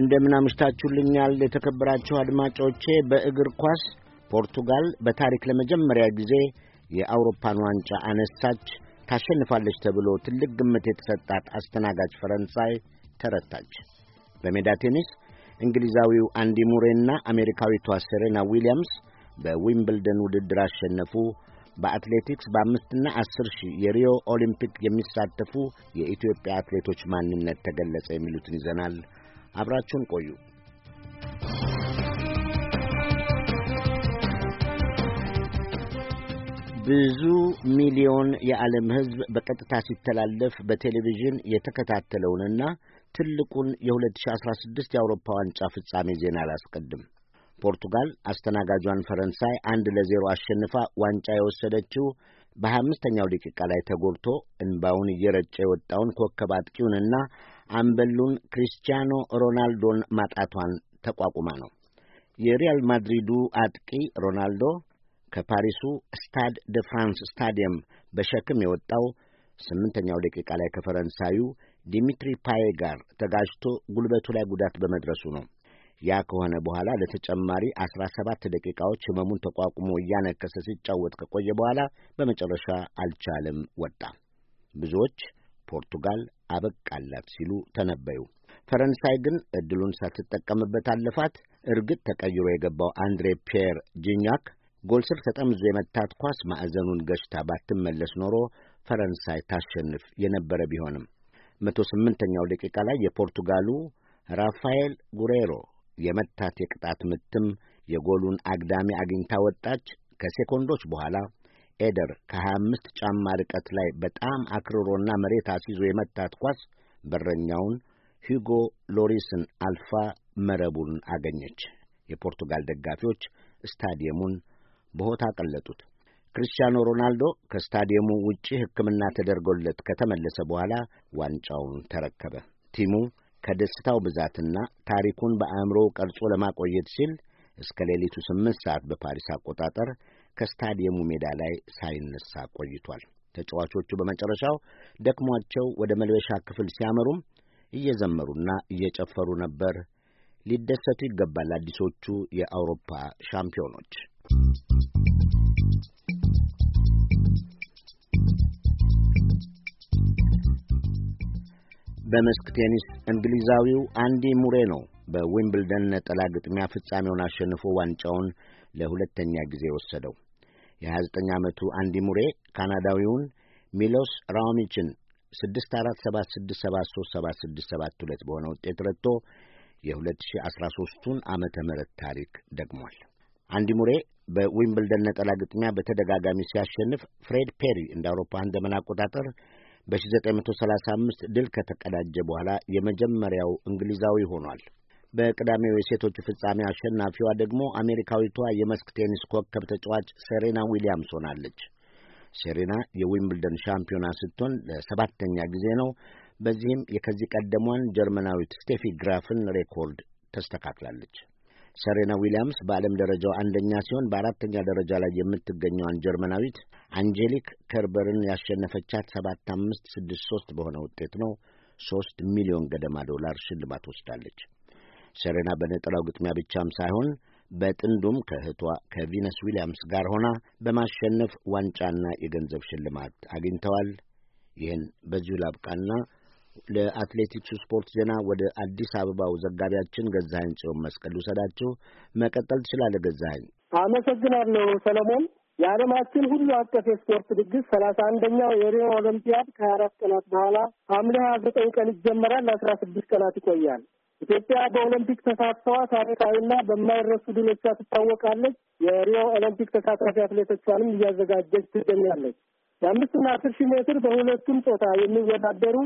እንደምን አምሽታችሁልኛል የተከበራችሁ አድማጮቼ። በእግር ኳስ ፖርቱጋል በታሪክ ለመጀመሪያ ጊዜ የአውሮፓን ዋንጫ አነሳች። ታሸንፋለች ተብሎ ትልቅ ግምት የተሰጣት አስተናጋጅ ፈረንሳይ ተረታች። በሜዳ ቴኒስ እንግሊዛዊው አንዲ ሙሬና አሜሪካዊቷ ሴሬና ዊሊያምስ በዊምብልደን ውድድር አሸነፉ። በአትሌቲክስ በአምስትና አስር ሺህ የሪዮ ኦሊምፒክ የሚሳተፉ የኢትዮጵያ አትሌቶች ማንነት ተገለጸ። የሚሉትን ይዘናል። አብራችሁን ቆዩ። ብዙ ሚሊዮን የዓለም ሕዝብ በቀጥታ ሲተላለፍ በቴሌቪዥን የተከታተለውንና ትልቁን የ2016 የአውሮፓ ዋንጫ ፍጻሜ ዜና አላስቀድም። ፖርቱጋል አስተናጋጇን ፈረንሳይ አንድ ለዜሮ አሸንፋ ዋንጫ የወሰደችው በሀያ አምስተኛው ደቂቃ ላይ ተጎድቶ እንባውን እየረጨ የወጣውን ኮከብ አጥቂውንና አምበሉን ክሪስቲያኖ ሮናልዶን ማጣቷን ተቋቁማ ነው። የሪያል ማድሪዱ አጥቂ ሮናልዶ ከፓሪሱ ስታድ ደ ፍራንስ ስታዲየም በሸክም የወጣው ስምንተኛው ደቂቃ ላይ ከፈረንሳዩ ዲሚትሪ ፓዬ ጋር ተጋጅቶ ጉልበቱ ላይ ጉዳት በመድረሱ ነው። ያ ከሆነ በኋላ ለተጨማሪ አስራ ሰባት ደቂቃዎች ህመሙን ተቋቁሞ እያነከሰ ሲጫወት ከቆየ በኋላ በመጨረሻ አልቻለም፣ ወጣ። ብዙዎች ፖርቱጋል አበቃላት ሲሉ ተነበዩ። ፈረንሳይ ግን እድሉን ሳትጠቀምበት አለፋት። እርግጥ ተቀይሮ የገባው አንድሬ ፒየር ጂኛክ ጎል ስር ተጠምዞ የመታት ኳስ ማዕዘኑን ገሽታ ባትመለስ ኖሮ ፈረንሳይ ታሸንፍ የነበረ ቢሆንም መቶ ስምንተኛው ደቂቃ ላይ የፖርቱጋሉ ራፋኤል ጉሬሮ የመታት የቅጣት ምትም የጎሉን አግዳሚ አግኝታ ወጣች። ከሴኮንዶች በኋላ ኤደር ከ25 ጫማ ርቀት ላይ በጣም አክርሮና መሬት አስይዞ የመታት ኳስ በረኛውን ሂጎ ሎሪስን አልፋ መረቡን አገኘች። የፖርቱጋል ደጋፊዎች ስታዲየሙን በሆታ አቀለጡት። ክርስቲያኖ ሮናልዶ ከስታዲየሙ ውጪ ሕክምና ተደርጎለት ከተመለሰ በኋላ ዋንጫውን ተረከበ። ቲሙ ከደስታው ብዛትና ታሪኩን በአእምሮ ቀርጾ ለማቆየት ሲል እስከ ሌሊቱ ስምንት ሰዓት በፓሪስ አቆጣጠር ከስታዲየሙ ሜዳ ላይ ሳይነሳ ቆይቷል። ተጫዋቾቹ በመጨረሻው ደክሟቸው ወደ መልበሻ ክፍል ሲያመሩም እየዘመሩና እየጨፈሩ ነበር። ሊደሰቱ ይገባል አዲሶቹ የአውሮፓ ሻምፒዮኖች። በመስክ ቴኒስ እንግሊዛዊው አንዲ ሙሬ ነው በዊምብልደን ነጠላ ግጥሚያ ፍጻሜውን አሸንፎ ዋንጫውን ለሁለተኛ ጊዜ ወሰደው። የ29 ዓመቱ አንዲ ሙሬ ካናዳዊውን ሚሎስ ራኦሚችን 6476737672 በሆነ ውጤት ረትቶ የ2013ቱን ዓመተ ምህረት ታሪክ ደግሟል። አንዲ ሙሬ በዊምብልደን ነጠላ ግጥሚያ በተደጋጋሚ ሲያሸንፍ ፍሬድ ፔሪ እንደ አውሮፓውያን ዘመን አቆጣጠር በ1935 ድል ከተቀዳጀ በኋላ የመጀመሪያው እንግሊዛዊ ሆኗል። በቅዳሜው የሴቶቹ ፍጻሜ አሸናፊዋ ደግሞ አሜሪካዊቷ የመስክ ቴኒስ ኮከብ ተጫዋች ሴሬና ዊሊያምስ ሆናለች። ሴሬና የዊምብልደን ሻምፒዮና ስትሆን ለሰባተኛ ጊዜ ነው። በዚህም የከዚህ ቀደሟን ጀርመናዊት ስቴፊ ግራፍን ሬኮርድ ተስተካክላለች። ሰሬና ዊሊያምስ በዓለም ደረጃው አንደኛ ሲሆን በአራተኛ ደረጃ ላይ የምትገኘዋን ጀርመናዊት አንጀሊክ ከርበርን ያሸነፈቻት ሰባት አምስት ስድስት ሶስት በሆነ ውጤት ነው። ሶስት ሚሊዮን ገደማ ዶላር ሽልማት ወስዳለች። ሰሬና በነጠላው ግጥሚያ ብቻም ሳይሆን በጥንዱም ከእህቷ ከቪነስ ዊሊያምስ ጋር ሆና በማሸነፍ ዋንጫና የገንዘብ ሽልማት አግኝተዋል። ይህን በዚሁ ላብቃና ለአትሌቲክሱ ስፖርት ዜና ወደ አዲስ አበባው ዘጋቢያችን ገዛኸኝ ጽዮን መስቀል ልውሰዳችሁ። መቀጠል ትችላለህ ገዛኸኝ። አመሰግናለሁ ሰለሞን። የዓለማችን ሁሉ አቀፍ የስፖርት ድግስ ሰላሳ አንደኛው የሪዮ ኦሎምፒያድ ከሀያ አራት ቀናት በኋላ ሐምሌ ሀያ ዘጠኝ ቀን ይጀመራል። ለአስራ ስድስት ቀናት ይቆያል። ኢትዮጵያ በኦሎምፒክ ተሳትፏ ታሪካዊና በማይረሱ ድሎቿ ትታወቃለች። የሪዮ ኦሎምፒክ ተሳታፊ አትሌቶቿንም እያዘጋጀች ትገኛለች። የአምስትና አስር ሺህ ሜትር በሁለቱም ጾታ የሚወዳደሩ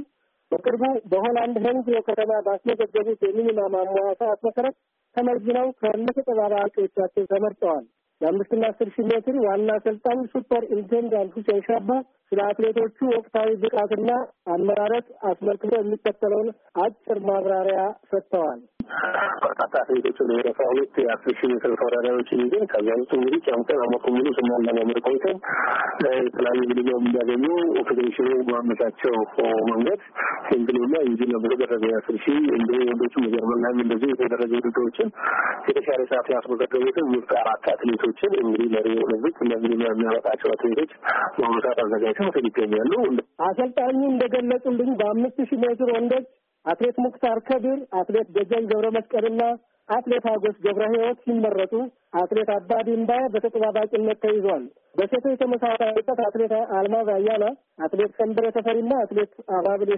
በቅርቡ በሆላንድ ሄንግሎ ከተማ ባስመዘገቡት የሚኒማም አሟያ ሰዓት መሰረት ተመዝነው ከነተጠባባቂዎቻቸው ተመርጠዋል። የአምስትና አስር ሺህ ሜትር ዋና አሰልጣኝ ሱፐር ኢንቴንዳንት ሁሴን ሻባ ስለ አትሌቶቹ ወቅታዊ ብቃትና አመራረት አስመልክቶ የሚከተለውን አጭር ማብራሪያ ሰጥተዋል። በርካታ አትሌቶችን የረፋ ሁለት የአስር ሺህ ሜትር ተወዳዳሪዎችን ይዘን ከዛ ውስጥ እንግዲህ ጨምቀን አመቱ ሙሉ ስናለማመር ቆይተን የተለያዩ ግልጋሎት እንዲያገኙ ፌዴሬሽኑ ማመቻቸው መንገድ ሲንግልና ዩጂን ነው በተደረገ የአስር ሺህ እንዲሁ ወንዶቹ በጀርመን ላይም እንደዚህ የተደረገ ውድድሮችን የተሻለ ሰዓት ያስመዘገቡትን ምርጥ አራት አትሌቶች አትሌቶችን እንግዲህ መሪ ኦሎምፒክ እነዚህ የሚያመጣቸው አትሌቶች በአሁኑ ሰዓት አዘጋጅተው ይገኛሉ። አሰልጣኙ እንደገለጹልኝ በአምስት ሺህ ሜትር ወንዶች አትሌት ሙክታር ከቢር አትሌት ደጀን ገብረ መስቀልና አትሌት አጎስ ገብረ ህይወት ሲመረጡ አትሌት አባ እምባያ በተጠባባቂነት ተይዟል። በሴቶች የተመሳሳይበት አትሌት አልማዝ አያና፣ አትሌት ሰንበረ ተፈሪና አትሌት አባብል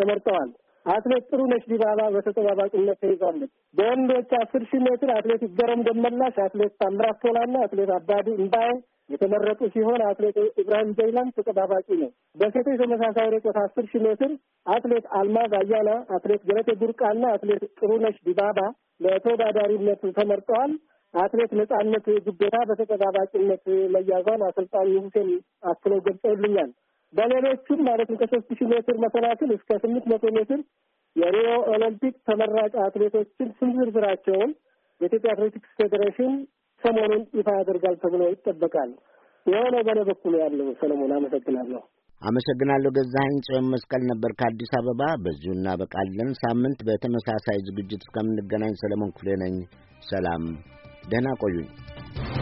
ተመርጠዋል። አትሌት ነች ዲባባ በተጠባባቂነት ተይዛለች። በወንዶች አስር ሺህ ሜትር አትሌት ይገረም ደመላሽ፣ አትሌት ታምራት ቶላና አትሌት አባዲ እምባዬ የተመረጡ ሲሆን አትሌት ኢብራሂም ጀይላን ተጠባባቂ ነው። በሴቶች ተመሳሳይ ርቀት አስር ሺህ ሜትር አትሌት አልማዝ አያና፣ አትሌት ገለቴ ቡርቃና አትሌት ጥሩነሽ ዲባባ ለተወዳዳሪነት ተመርጠዋል። አትሌት ነጻነት ጉዴታ በተጠባባቂነት መያዟን አሰልጣኝ ሁሴን አክለው ገልጸውልኛል። በሌሎቹም ማለትም ከሶስት ሺህ ሜትር መሰናክል እስከ ስምንት መቶ ሜትር የሪዮ ኦሎምፒክ ተመራጭ አትሌቶችን ስንዝር ስራቸውን የኢትዮጵያ አትሌቲክስ ፌዴሬሽን ሰሞኑን ይፋ ያደርጋል ተብሎ ይጠበቃል። የሆነ በኔ በኩል ያለው ሰለሞን አመሰግናለሁ። አመሰግናለሁ ገዛኸኝ። ጽዮን መስቀል ነበር ከአዲስ አበባ። በዚሁ እናበቃለን። ሳምንት በተመሳሳይ ዝግጅት እስከምንገናኝ ሰለሞን ክፍሌ ነኝ። ሰላም፣ ደህና ቆዩኝ።